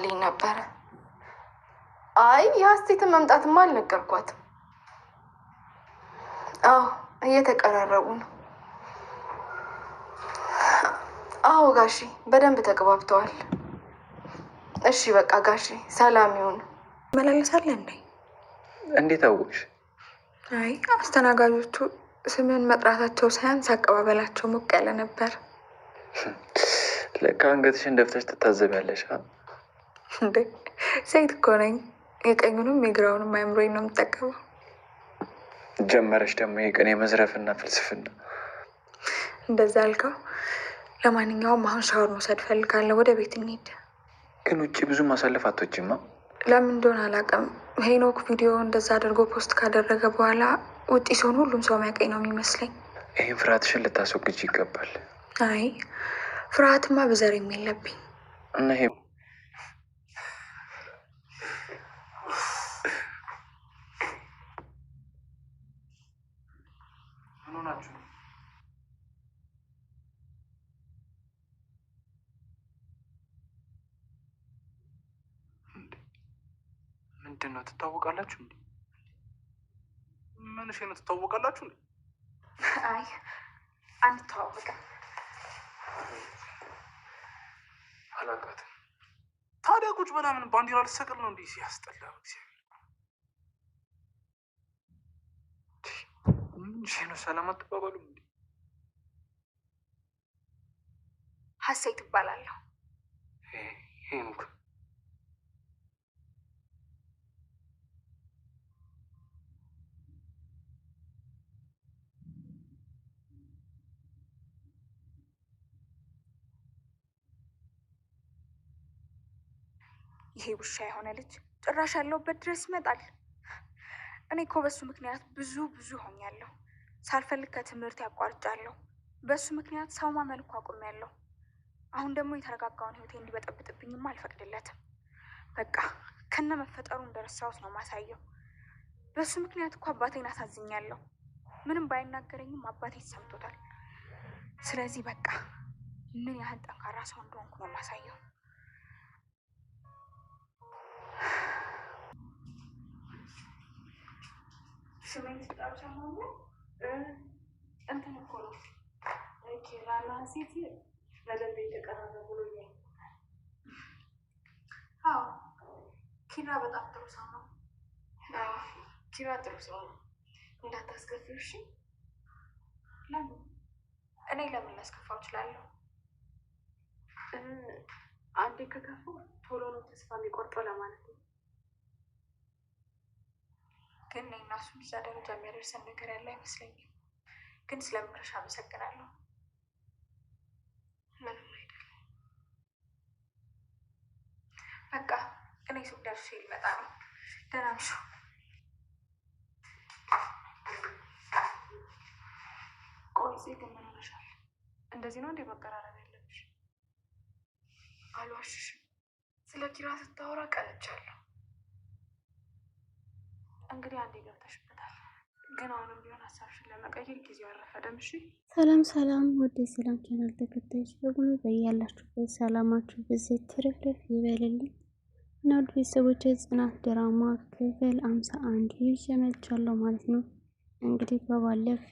ብላልኝ ነበረ። አይ የሀሴትን መምጣትማ አልነገርኳትም። አዎ እየተቀራረቡ ነው። አዎ ጋሺ በደንብ ተግባብተዋል። እሺ በቃ ጋሺ ሰላም ይሁን። መላለሳለ እንዴ? እንዴት አወቅሽ? አይ አስተናጋጆቹ ስምን መጥራታቸው ሳያንስ አቀባበላቸው ሞቅ ያለ ነበር። ለካ አንገትሽን ደፍተሽ ትታዘቢያለሽ። እንዴ ሴት እኮ ነኝ። የቀኙንም የግራውንም አይምሮኝ ነው የምጠቀመው። ጀመረች ደግሞ የቀን የመዝረፍና ፍልስፍና። እንደዛ አልከው። ለማንኛውም አሁን ሻወር መውሰድ ፈልጋለሁ። ወደ ቤት እንሂድ። ግን ውጭ ብዙ ማሳለፍ አቶችማ ለምን እንደሆነ አላውቅም። ሄኖክ ቪዲዮ እንደዛ አድርጎ ፖስት ካደረገ በኋላ ውጪ ሲሆን ሁሉም ሰው የሚያውቀኝ ነው የሚመስለኝ። ይህን ፍርሃትሽን ልታስወግጅ ይገባል። አይ ፍርሃትማ ብዘር የሚለብኝ እና ናችሁ? ምንድን ነው ትታወቃላችሁ እንዴ? ነው ትታወቃላችሁ አይ አንተዋወቅም። አላውቃትም። ታዲያ ቁጭ ብላ ምን ባንዲራ ልሰቅል ነው እንዴ? ሲያስጠላ ብቻዬን ነው። ሰላም አትባባሉም እንዴ? ሀሴት እባላለሁ። ሄኖክ ይሄ ውሻ የሆነ ልጅ ጭራሽ ያለውበት ድረስ ይመጣል። እኔ እኮ በሱ ምክንያት ብዙ ብዙ ሆኛለሁ። ሳልፈልግ ከትምህርት ያቋርጫለሁ። በእሱ ምክንያት ሰው ማመልኩ አቁሜያለሁ። አሁን ደግሞ የተረጋጋውን ህይወቴ እንዲበጠብጥብኝም አልፈቅድለትም። በቃ ከነ መፈጠሩ እንደረሳሁት ነው ማሳየው። በእሱ ምክንያት እኮ አባቴን አሳዝኛለሁ። ምንም ባይናገረኝም አባቴ ተሰምቶታል። ስለዚህ በቃ ምን ያህል ጠንካራ ሰው እንደሆንኩ ነው ማሳየው። ስሜን ስጠሩ ሰማሁ እንትን እኮ ነው ኬራና ሴት በደንብ የተቀረበ ብሎኛል። አዎ ኪራ በጣም ጥሩ ሰው ነው። ኪራ ጥሩ ሰው ነው። እንዳታስከፊው እሺ። ለምን እኔ ለምን ላስከፋው እችላለሁ? አንዴ ከከፋው ቶሎ ነው ተስፋ የሚቆርጠው ለማለት ነው። ግን እና እሱ እዛ ደረጃ የሚያደርሰን ነገር ያለ አይመስለኝም። ግን ስለምርሽ አመሰግናለሁ። ምንም አይደለም። በቃ እኔ ሱቅ ደርሼ ልመጣ ነው። ደህና ምሹ። ቆይዜ ግን ምን ሆነሻል? እንደዚህ ነው እንዴ መቀራረብ ያለብሽ? አልዋሽሽም። ስለ ኪራ ስታወራ ቀንቻለሁ። እንግዲህ አንዴ ገብተሽበታል። ግን አሁንም ቢሆን ሀሳብሽን ለመቀየር ጊዜው አልረፈደም። እሺ። ሰላም ሰላም፣ ወደ ሰላም ቻናል ተከታዮች በሙሉ በያላችሁበት ሰላማችሁ ብዝት ትርፍርፍ ይበልልኝ እና ውድ ቤተሰቦች የጽናት ድራማ ክፍል አምሳ አንድ ይዤ ማለት ነው። እንግዲህ በባለፍ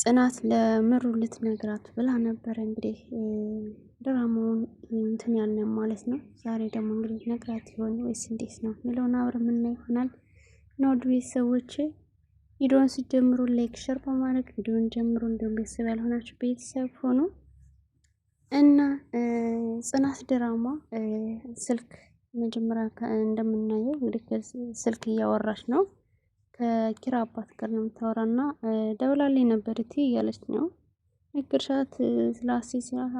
ጽናት ለምሩ ልትነግራት ብላ ነበረ እንግዲህ ድራማውን እንትን ያልነው ማለት ነው። ዛሬ ደግሞ እንግዲህ ነቅላት ይሆን ወይስ እንዴት ነው የሚለውን አብረን ምና ይሆናል። እና ውድ ቤተሰቦች ቪዲዮን ስጀምሩ ላይክ፣ ሸር በማድረግ ቪዲዮን ጀምሩ። እንዲሁም ቤተሰብ ያልሆናችሁ ቤተሰብ ሆኑ እና ጽናት ድራማ ስልክ መጀመሪያ እንደምናየው እንግዲህ ስልክ እያወራች ነው ከኪራ አባት ጋር ነው የምታወራ እና ደውላልኝ ነበር እቲ እያለች ነው ነገርሻት ስላሴ ሲላት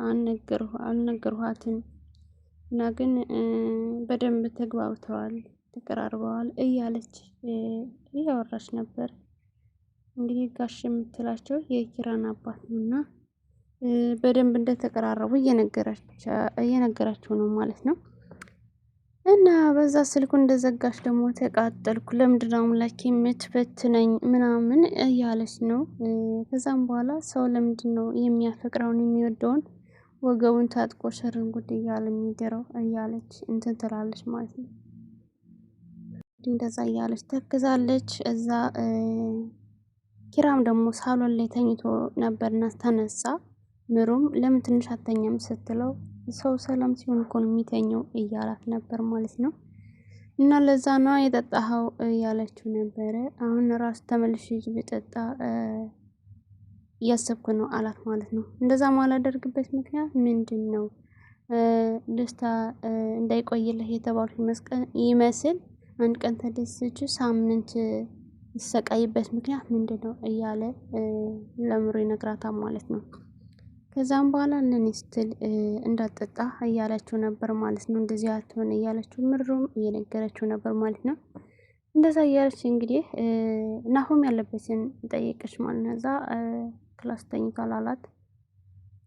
አልነገርኋትም እና ግን በደንብ ተግባብተዋል፣ ተቀራርበዋል እያለች እያወራች ነበር። እንግዲህ ጋሽ የምትላቸው የኪራን አባት ነው እና በደንብ እንደተቀራረቡ እየነገራቸው ነው ማለት ነው። እና በዛ ስልኩ እንደዘጋች ደግሞ ተቃጠልኩ። ለምንድነው አምላክ የምትበትነኝ ምናምን እያለች ነው። ከዛም በኋላ ሰው ለምንድን ነው የሚያፈቅረውን የሚወደውን ወገቡን ታጥቆ ሸርንጉድ እያለ የሚገረው እያለች እንትን ትላለች ማለት ነው። እንደዛ እያለች ተክዛለች። እዛ ኪራም ደግሞ ሳሎን ላይ ተኝቶ ነበርና ተነሳ። ምሩም ለምን ትንሽ አተኛም ስትለው ሰው ሰላም ሲሆን እኮ ነው የሚተኘው እያላት ነበር ማለት ነው። እና ለዛ ነው የጠጣኸው እያለችው ነበረ። አሁን ራሱ ተመልሼ ብጠጣ እያሰብኩ ነው አላት ማለት ነው። እንደዛ ማላደርግበት ምክንያት ምንድን ነው? ደስታ እንዳይቆይልህ የተባሉ ይመስል አንድ ቀን ተደስች ሳምንት ይሰቃይበት ምክንያት ምንድን ነው እያለ ለምሮ ይነግራታል ማለት ነው። ከዛም በኋላ ለኔ ስትል እንዳጠጣ እያለችው ነበር ማለት ነው። እንደዚህ አትሆን እያለችው ምሩም እየነገረችው ነበር ማለት ነው። እንደዛ እያለች እንግዲህ ናሆም ያለበትን ጠየቀች ማለት ነው። እዛ ክላስ ተኝቷል አላት።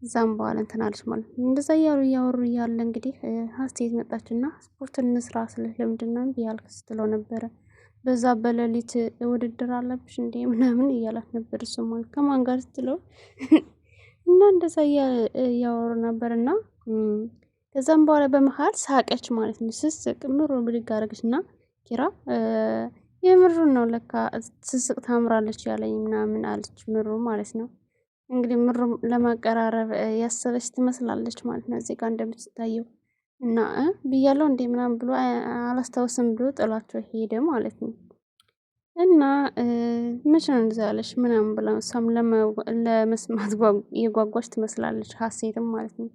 እዛም በኋላ እንትናለች ማለት ነው። እንደዛ እያሉ እያወሩ እያለ እንግዲህ ሀሴት መጣችና ስፖርት እንስራ ስልህ ለምንድን ነው ስትለው ነበረ። በዛ በሌሊት ውድድር አለብሽ እንዴ ምናምን እያላት ነበር። እሱም ከማን ጋር ስትለው እና እንደዛ እያወሩ ነበር እና ከዛም በኋላ በመሀል ሳቀች ማለት ነው። ስስቅ ምሩ ብድግ አደረገች እና ኪራ የምሩን ነው ለካ ስስቅ ታምራለች ያለኝ ምናምን አለች ምሩ ማለት ነው። እንግዲህ ምሩ ለማቀራረብ ያሰበች ትመስላለች ማለት ነው። እዚህ ጋር እንደምትታየው እና ብያለው እንዴ ምናምን ብሎ አላስታውስም ብሎ ጥሏቸው ሄደ ማለት ነው። እና መቼ ነው እንደዛ ያለሽ ምናምን ብላ እሷም ለመስማት የጓጓች ትመስላለች፣ ሀሴትም ማለት ነው።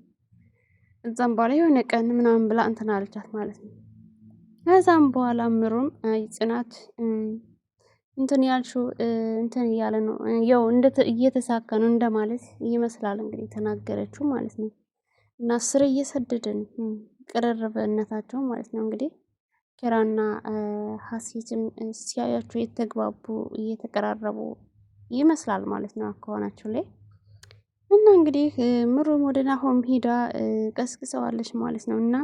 እዛም በኋላ የሆነ ቀን ምናምን ብላ እንትን አለቻት ማለት ነው። ከዛም በኋላ ምሩም አይ ጽናት እንትን ያልሽው እንትን እያለ ነው ያው እየተሳካ ነው እንደማለት ይመስላል እንግዲህ የተናገረችው ማለት ነው። እና ስር እየሰደደን ቅርርብነታቸው ማለት ነው እንግዲህ ኪራና ሀሴትም ሲያያቸው የተግባቡ እየተቀራረቡ ይመስላል ማለት ነው አካዋናቸው ላይ እና እንግዲህ ምሩም ወደ ናሆም ሂዳ ቀስቅሰዋለች ማለት ነው። እና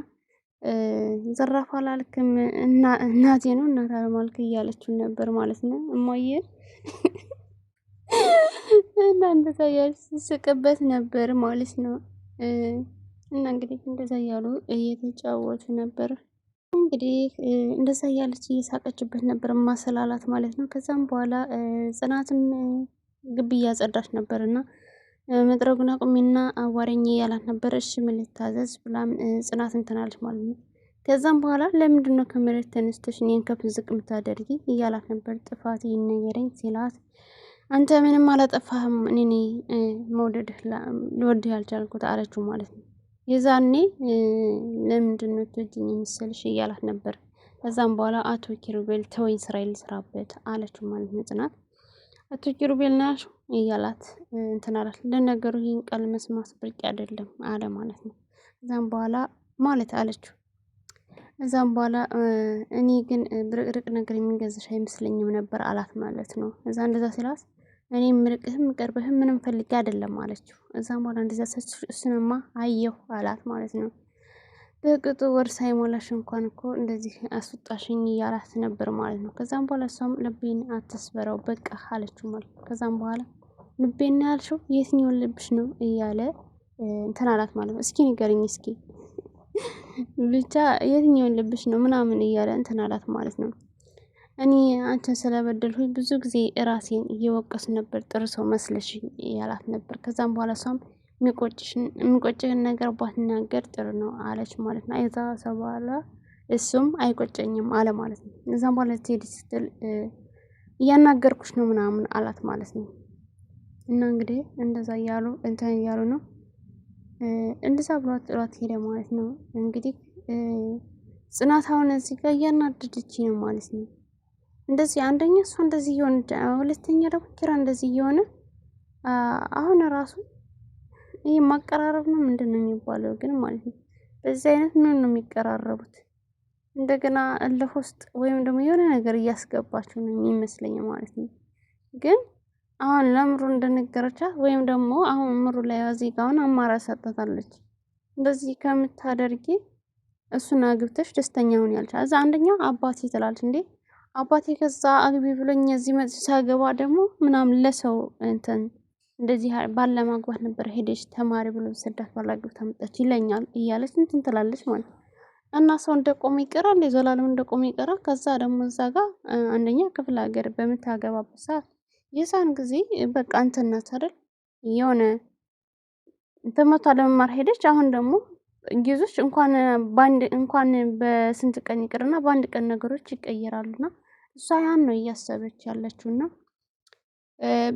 ዘራፍ አላልክም እናቴ ነው እናት አልማልክ እያለችው ነበር ማለት ነው። እማየ እና እንደዛ እያሉ ሲስቅበት ነበር ማለት ነው። እና እንግዲህ እንደዛ እያሉ እየተጫወቱ ነበር። እንግዲህ እንደዛ እያለች እየሳቀችበት ነበር ማሰላላት ማለት ነው። ከዛም በኋላ ጽናትም ግቢ እያጸዳች ነበር እና መጥረጉን አቁሜና አዋረኝ እያላት ነበር። እሺ ምን ልታዘዝ ብላም ጽናት እንትናለች ማለት ነው። ከዛም በኋላ ለምንድን ነው ከመሬት ተነስተሽ እኔን ከፍ ዝቅ ምታደርጊ እያላት ነበር። ጥፋት ይነገረኝ ሲላት አንተ ምንም አላጠፋህም እኔ መውደድህ ልወድህ ያልቻልኩት አለችው ማለት ነው። የዛኔ ለምንድን ነው ትወጂኝ የመሰልሽ እያላት ነበር። ከዛም በኋላ አቶ ኪሩቤል ተወኝ ስራ ልስራበት አለችው ማለት ነው ጽናት። አቶ ኪሩቤል ናሽ እያላት እንትን አላት። ለነገሩ ይህን ቃል መስማት ብርቅ አይደለም አለ ማለት ነው። ከዛም በኋላ ማለት አለችው። እዛም በኋላ እኔ ግን ብርቅርቅ ነገር የሚገዛሽ አይመስለኝም ነበር አላት ማለት ነው። እዛ እንደዛ ሲላት እኔ የምርቅህም የምቀርብህም ምንም ፈልጌ አይደለም አለችው። እዛም በኋላ እንደዛ ስንማ አየሁ አላት ማለት ነው። በቅጡ ወር ሳይሞላሽ እንኳን እኮ እንደዚህ አስወጣሽኝ እያላት ነበር ማለት ነው። ከዛም በኋላ እሷም ልቤን አትስበረው በቃ አለችው ማለት ነው። ከዛም በኋላ ልቤን ያልሽው የትኛውን ልብሽ ነው እያለ እንትን አላት ማለት ነው። እስኪ ንገርኝ እስኪ ብቻ የትኛውን ልብሽ ነው ምናምን እያለ እንትን አላት ማለት ነው። እኔ አንቺን ስለበደልሁኝ ብዙ ጊዜ እራሴን እየወቀስ ነበር፣ ጥር ሰው መስለሽኝ ያላት ነበር። ከዛም በኋላ ሰውም የሚቆጭሽን ነገር ባትናገር ጥሩ ነው አለች ማለት ነው። ሰው በኋላ እሱም አይቆጨኝም አለ ማለት ነው። እዛም በኋላ ትሄድ ስትል እያናገርኩሽ ነው ምናምን አላት ማለት ነው። እና እንግዲህ እንደዛ እያሉ እንትን እያሉ ነው እንደዛ ብሏት ጥሏት ሄደ ማለት ነው። እንግዲህ ጽናት አሁን እዚህ ጋር እያናደደች ነው ማለት ነው። እንደዚህ አንደኛ እሷ እንደዚህ እየሆነ ሁለተኛ ደግሞ ኪራ እንደዚህ እየሆነ አሁን ራሱ ይህ ማቀራረብ ነው ምንድን ነው የሚባለው ግን ማለት ነው። በዚህ አይነት ምን ነው የሚቀራረቡት? እንደገና እልህ ውስጥ ወይም ደግሞ የሆነ ነገር እያስገባቸው ነው የሚመስለኝ ማለት ነው። ግን አሁን ለምሩ እንደነገረቻት ወይም ደግሞ አሁን ምሩ ላይ ዜጋውን አማራጭ ሰጥታታለች። እንደዚህ ከምታደርጊ እሱን አግብተሽ ደስተኛ ሁን ያልቻል እዛ አንደኛው አባቴ ትላለች እንዴ አባቴ ከዛ አግቢ ብሎኝ እዚህ መጽ ሳገባ ደግሞ ምናምን ለሰው እንትን እንደዚህ ባለማግባት ነበር ሄደች ተማሪ ብሎ ሰዳት ባላግብ መጣች ይለኛል እያለች እንትን ትላለች ማለት ነው። እና ሰው እንደቆመ ይቀራል፣ የዘላለም እንደቆመ ይቀራል። ከዛ ደግሞ እዛ ጋር አንደኛ ክፍለ ሀገር በምታገባበት ሰዓት የዛን ጊዜ በቃ እንትን ናት አይደል የሆነ ትምህርቷ ለመማር ሄደች። አሁን ደግሞ እንግሊዞች እንኳን በአንድ እንኳን በስንት ቀን ይቅርና በአንድ ቀን ነገሮች ይቀየራሉና እሷ ያን ነው እያሰበች ያለችውና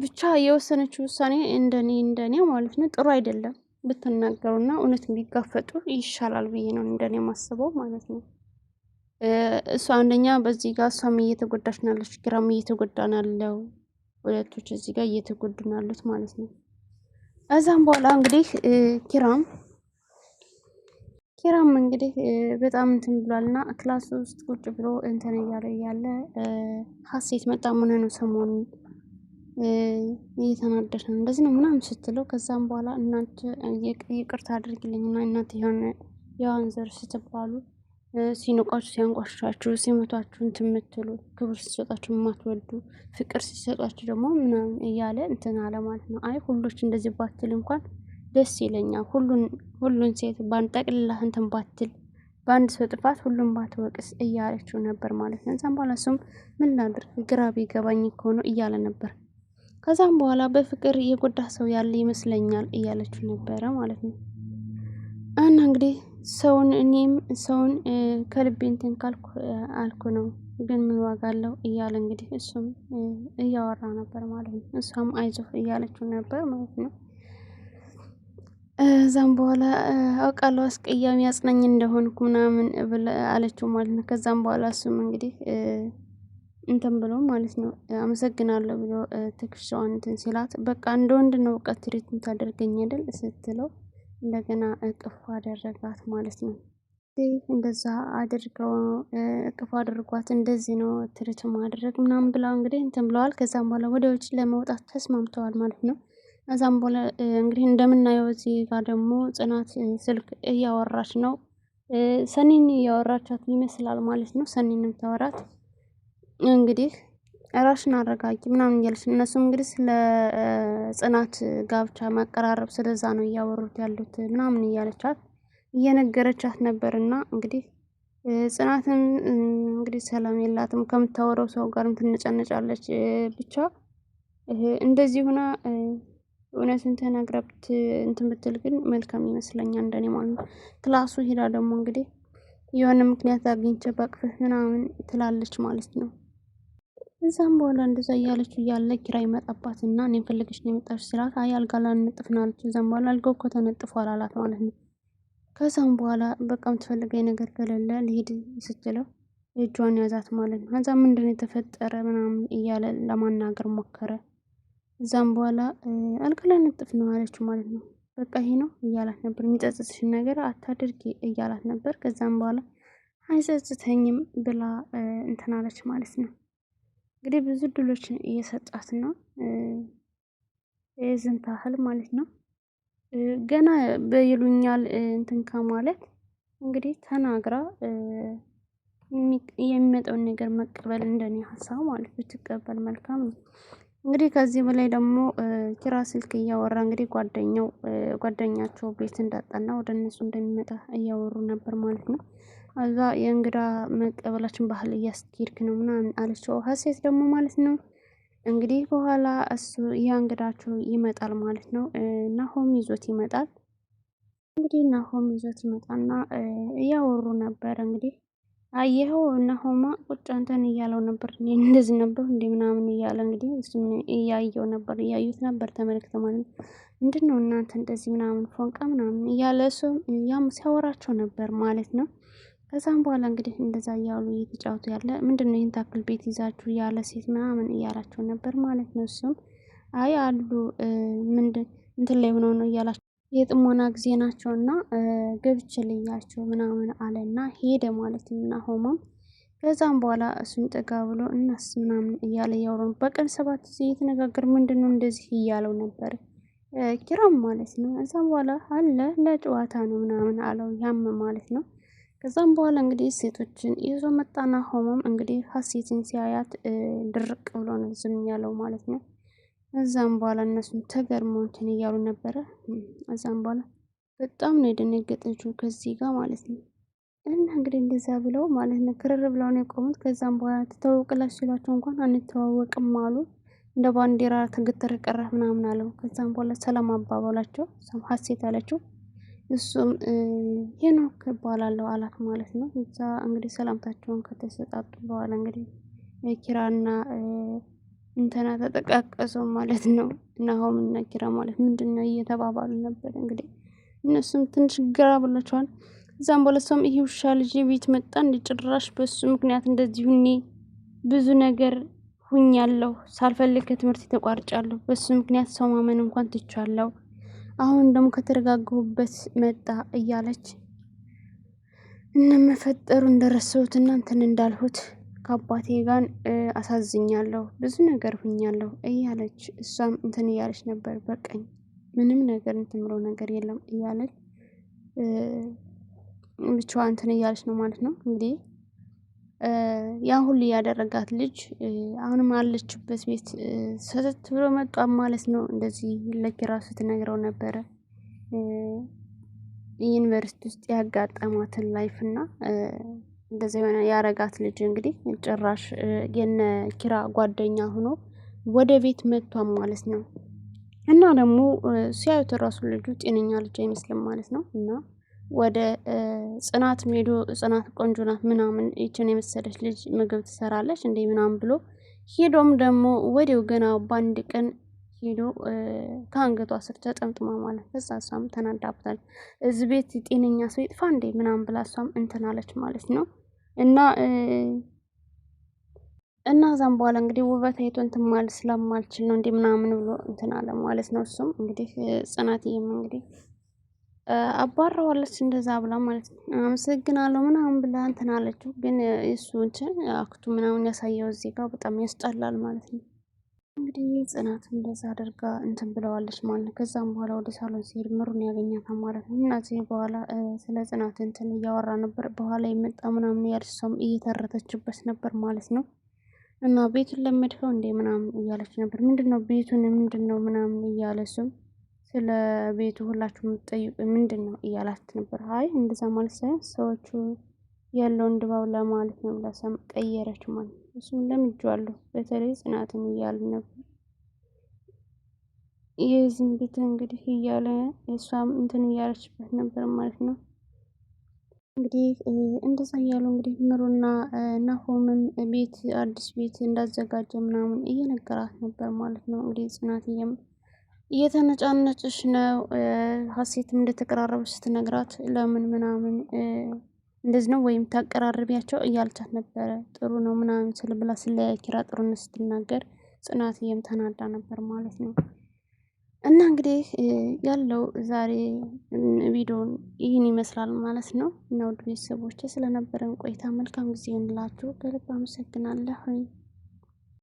ብቻ የወሰነችው ውሳኔ እንደኔ እንደኔ ማለት ነው ጥሩ አይደለም ብትናገሩና እውነት ቢጋፈጡ ይሻላል ብዬ ነው እንደኔ የማስበው ማለት ነው። እሷ አንደኛ በዚህ ጋር እሷም እየተጎዳች ነው ያለች፣ እየተጎዳ ነው ያለው። ሁለቶች እዚህ ጋር እየተጎዱ ነው ያሉት ማለት ነው። እዛም በኋላ እንግዲህ ኪራም ኪራም እንግዲህ በጣም እንትን ብሏል እና ክላስ ውስጥ ቁጭ ብሎ እንትን እያለ እያለ ሀሴት መጣ። ሆነ ነው ሰሞኑን እየተናደደ ነው እንደዚህ ነው ምናምን ስትለው፣ ከዛም በኋላ እናንተ ይቅርታ አድርግልኝ እና እናንተ የሆነ የዋን ዘር ስትባሉ ሲንቋችሁ፣ ሲያንቋሻችሁ፣ ሲመቷችሁ እንትን የምትሉ ክብር ሲሰጧችሁ የማትወዱ ፍቅር ሲሰጧችሁ ደግሞ ምናምን እያለ እንትን አለ ማለት ነው። አይ ሁሎች እንደዚህ ባትል እንኳን ደስ ይለኛል። ሁሉን ሁሉን ሴት ባን ጠቅልላ እንትን ባትል በአንድ ሰው ጥፋት ሁሉም ባትወቅስ እያለችው ነበር ማለት ነው። ከዛም በኋላ እሱም ምን ላድርግ ግራ ቢገባኝ ከሆነ እያለ ነበር። ከዛም በኋላ በፍቅር የጎዳ ሰው ያለ ይመስለኛል እያለችው ነበረ ማለት ነው። እና እንግዲህ ሰውን እኔም ሰውን ከልቤ እንትን ካልኩ አልኩ ነው ግን ምን ዋጋ አለው እያለ እንግዲህ እሱም እያወራ ነበር ማለት ነው። እሷም አይዞህ እያለችው ነበር ማለት ነው። እዛም በኋላ አውቃለሁ አስቀያሚ አጽናኝ እንደሆንኩ ምናምን አለችው ማለት ነው። ከዛም በኋላ እሱም እንግዲህ እንትን ብሎ ማለት ነው አመሰግናለሁ ብሎ ትከሻዋን እንትን ሲላት በቃ እንደ ወንድ ነው እውቀት ትሪት ታደርገኝ አይደል ስትለው እንደገና እቅፍ አደረጋት ማለት ነው። እንደዛ አድርገው እቅፍ አድርጓት እንደዚህ ነው ትርት ማድረግ ምናምን ብላ እንግዲህ እንትን ብለዋል። ከዛም በኋላ ወደ ውጭ ለመውጣት ተስማምተዋል ማለት ነው። ከዛም በኋላ እንግዲህ እንደምናየው እዚህ ጋር ደግሞ ጽናት ስልክ እያወራች ነው። ሰኒን እያወራቻት ይመስላል ማለት ነው። ሰኒንም ተወራት እንግዲህ ራሽን አረጋጊ ምናምን እያለች እነሱም እንግዲህ ስለ ጽናት ጋብቻ መቀራረብ ስለዛ ነው እያወሩት ያሉት ምናምን እያለቻት እየነገረቻት ነበር። እና እንግዲህ ጽናትን እንግዲህ ሰላም የላትም ከምታወራው ሰው ጋርም ትንጨነጫለች። ብቻ እንደዚህ ሆና እውነትን ተናግራ እንትን ብትል ግን መልካም ይመስለኛል፣ እንደኔ ማለት ነው። ክላሱ ሄዳ ደግሞ እንግዲህ የሆነ ምክንያት አግኝቼ በቅፍህ ምናምን ትላለች ማለት ነው። እዛም በኋላ እንደዛ እያለች እያለ ኪራ ይመጣባት እና እኔ ፈልግሽ ነው የመጣሽ ስላት አይ አልጋ ላንጥፍ ነው አለች። እዛም በኋላ አልጋው እኮ ተነጥፏል አላት ማለት ነው። ከዛም በኋላ በቃ የምትፈልገኝ ነገር ከሌለ ልሂድ ስትለው እጇን ያዛት ማለት ነው። ከዛ ምንድን የተፈጠረ ምናምን እያለ ለማናገር ሞከረ። እዛም በኋላ አልጋ ላይ ነጥፍ ነው አለችው ማለት ነው። በቃ ይሄ ነው እያላት ነበር። የሚጸጽትሽን ነገር አታድርጊ እያላት ነበር። ከዛም በኋላ አይጸጽተኝም ብላ እንትን አለች ማለት ነው። እንግዲህ ብዙ ድሎችን እየሰጣት ነው ዝን ታህል ማለት ነው። ገና በይሉኛል እንትን ከማለት እንግዲህ ተናግራ የሚመጣውን ነገር መቀበል እንደኔ ሀሳብ ማለት ብትቀበል መልካም ነው። እንግዲህ ከዚህ በላይ ደግሞ ኪራ ስልክ እያወራ እንግዲህ ጓደኛው ጓደኛቸው ቤት እንዳጣና ወደ እነሱ እንደሚመጣ እያወሩ ነበር ማለት ነው። እዛ የእንግዳ መቀበላችን ባህል እያስኬድክ ነው ምናምን አለችው ሀሴት ደግሞ ማለት ነው። እንግዲህ በኋላ እሱ ያ እንግዳቸው ይመጣል ማለት ነው። ናሆም ይዞት ይመጣል። እንግዲህ ናሆም ይዞት ይመጣና እያወሩ ነበር እንግዲህ አየኸው እናሆማ ቁጭ እንትን እያለው ነበር እንደዚህ ነበር እንደ ምናምን እያለ እንግዲህ እሱም እያየው ነበር እያዩት ነበር ተመልክተ ማለት ነው። ምንድን ነው እናንተ እንደዚህ ምናምን ፎንቃ ምናምን እያለ እሱ ያም ሲያወራቸው ነበር ማለት ነው። ከዛም በኋላ እንግዲህ እንደዛ እያሉ እየተጫወቱ ያለ ምንድን ነው ይህን ታክል ቤት ይዛችሁ ያለ ሴት ምናምን እያላቸው ነበር ማለት ነው። እሱም አይ አሉ ምንድን እንትን ላይ ሆነው ነው እያላቸው የጥሞና ጊዜ ናቸው እና ገብቼ ልያቸው ምናምን አለና ሄደ ማለት እና ሆማም ከዛም በኋላ እሱን ጠጋ ብሎ እናስ ምናምን እያለ እያወሩ በቀን ሰባት ጊዜ እየተነጋገር ምንድን ነው እንደዚህ እያለው ነበር ኪራም ማለት ነው። እዛም በኋላ አለ ለጨዋታ ነው ምናምን አለው ያም ማለት ነው። ከዛም በኋላ እንግዲህ ሴቶችን ይዞ መጣና ሆሞም እንግዲህ ሀሴትን ሲያያት ድርቅ ብሎ ነው ዝም ያለው ማለት ነው። እዛም በኋላ እነሱም ተገርመውትን እያሉ ነበረ። እዛም በኋላ በጣም ነው የደነገጠችው ከዚህ ጋር ማለት ነው። እና እንግዲህ እንደዛ ብለው ማለት ነው ክርር ብለው ነው የቆሙት። ከዛም በኋላ ተተዋወቅላች ሲሏቸው እንኳን አንተዋወቅም አሉ። እንደ ባንዲራ ተግተር ቀረህ ምናምን አለው። ከዛም በኋላ ሰላም አባባላቸው። ሰም ሀሴት አለችው። እሱም ሄኖክ እባላለሁ አላት ማለት ነው። እዛ እንግዲህ ሰላምታቸውን ከተሰጣጡ በኋላ እንግዲህ ኪራና እንትና ተጠቃቀሰው ማለት ነው። ናሆም እና ኪራ ማለት ምንድን ነው እየተባባሉ ነበር። እንግዲህ እነሱም ትንሽ ግራ ብሏቸዋል። እዛም በለሷም ይሄ ውሻ ልጅ ቤት መጣ እንደ ጭራሽ በሱ ምክንያት እንደዚህ ሁኔ ብዙ ነገር ሁኛለሁ፣ ሳልፈልግ ከትምህርት ተቋርጫለሁ፣ በሱ ምክንያት ሰው ማመን እንኳን ትቻለሁ። አሁን ደግሞ ከተረጋገሁበት መጣ እያለች እነ መፈጠሩ እንደረሰሁት እናንተን እንዳልሁት ከአባቴ ጋር አሳዝኛለሁ ብዙ ነገር ሁኛለሁ እያለች እሷም እንትን እያለች ነበር። በቀኝ ምንም ነገር እንትን ነገር የለም እያለች ብቻዋ እንትን እያለች ነው ማለት ነው። እንግዲህ ያ ሁሉ ያደረጋት ልጅ አሁንም አለችበት ቤት ሰተት ብሎ መጧ ማለት ነው። እንደዚህ ለኪራ ስትነግረው ነበረ ዩኒቨርሲቲ ውስጥ ያጋጠማትን ላይፍ እና እንደዚህ የሆነ ያረጋት ልጅ እንግዲህ ጭራሽ የነ ኪራ ጓደኛ ሆኖ ወደ ቤት መጥቷን ማለት ነው። እና ደግሞ ሲያዩት ራሱ ልጁ ጤነኛ ልጅ አይመስልም ማለት ነው። እና ወደ ጽናት ሄዶ ጽናት ቆንጆ ናት ምናምን ይችን የመሰለች ልጅ ምግብ ትሰራለች እንዴ ምናምን ብሎ ሄዶም ደግሞ ወዲያው ገና በአንድ ቀን ሄዶ ከአንገቷ ስር ተጠምጥማ ማለት እዛ እሷም ተናዳብታል። እዚህ ቤት ጤነኛ ሰው ይጥፋ እንዴ ምናምን ብላ እሷም እንትን አለች ማለት ነው። እና እና እዛም በኋላ እንግዲህ ውበት አይቶ እንትን ማለት ስለማልችል ነው እንዴ ምናምን ብሎ እንትን አለ ማለት ነው። እሱም እንግዲህ ጽናትዬም እንግዲህ አባረዋለች እንደዛ ብላ ማለት ነው። አመሰግናለሁ ምናምን ብላ እንትን አለችው። ግን እሱ እንትን አክቱ ምናምን ያሳየው እዚህ ጋር በጣም ያስጠላል ማለት ነው። እንግዲህ ጽናት እንደዛ አድርጋ እንትን ብለዋለች ማለት ነው። ከዛም በኋላ ወደ ሳሎን ሲሄድ ምሩን ያገኛት ማለት ነው። እና እዚህ በኋላ ስለ ጽናት እንትን እያወራ ነበር። በኋላ የመጣ ምናምን ያልሰም እየተረተችበት ነበር ማለት ነው። እና ቤቱን ለመድፈው እንዴ ምናምን እያለች ነበር። ምንድን ነው ቤቱን ምንድን ነው ምናምን እያለ እሱም ስለ ቤቱ ሁላችሁ የምትጠይቁ ምንድን ነው እያላት ነበር። አይ እንደዛ ማለት ሳይሆን ሰዎቹ ያለውን ድባብ ለማለት ነው ለሰም ቀየረች ማለት ነው። እሱም ለምጄዋለሁ። በተለይ ጽናትን እያለ ነበር የዚህን ቤት እንግዲህ እያለ እሷም እንትን እያለችበት ነበር ማለት ነው። እንግዲህ እንደዛ እያሉ እንግዲህ ምሩና ናሆምም ቤት አዲስ ቤት እንዳዘጋጀ ምናምን እየነገራት ነበር ማለት ነው። እንግዲህ ጽናትዬም እየተነጫነጭሽ ነው ሀሴትም እንደተቀራረበች ስትነግራት ለምን ምናምን እንደዚህ ነው ወይም ታቀራርቢያቸው እያልቻት ነበረ። ጥሩ ነው ምናምን ስል ብላ ስለያ ኪራ ጥሩነት ስትናገር ጽናትዬም ተናዳ ነበር ማለት ነው። እና እንግዲህ ያለው ዛሬ ቪዲዮን ይህን ይመስላል ማለት ነው። እና ውድ ቤተሰቦች ስለነበረን ቆይታ መልካም ጊዜ እንላችሁ በልብ አመሰግናለሁኝ።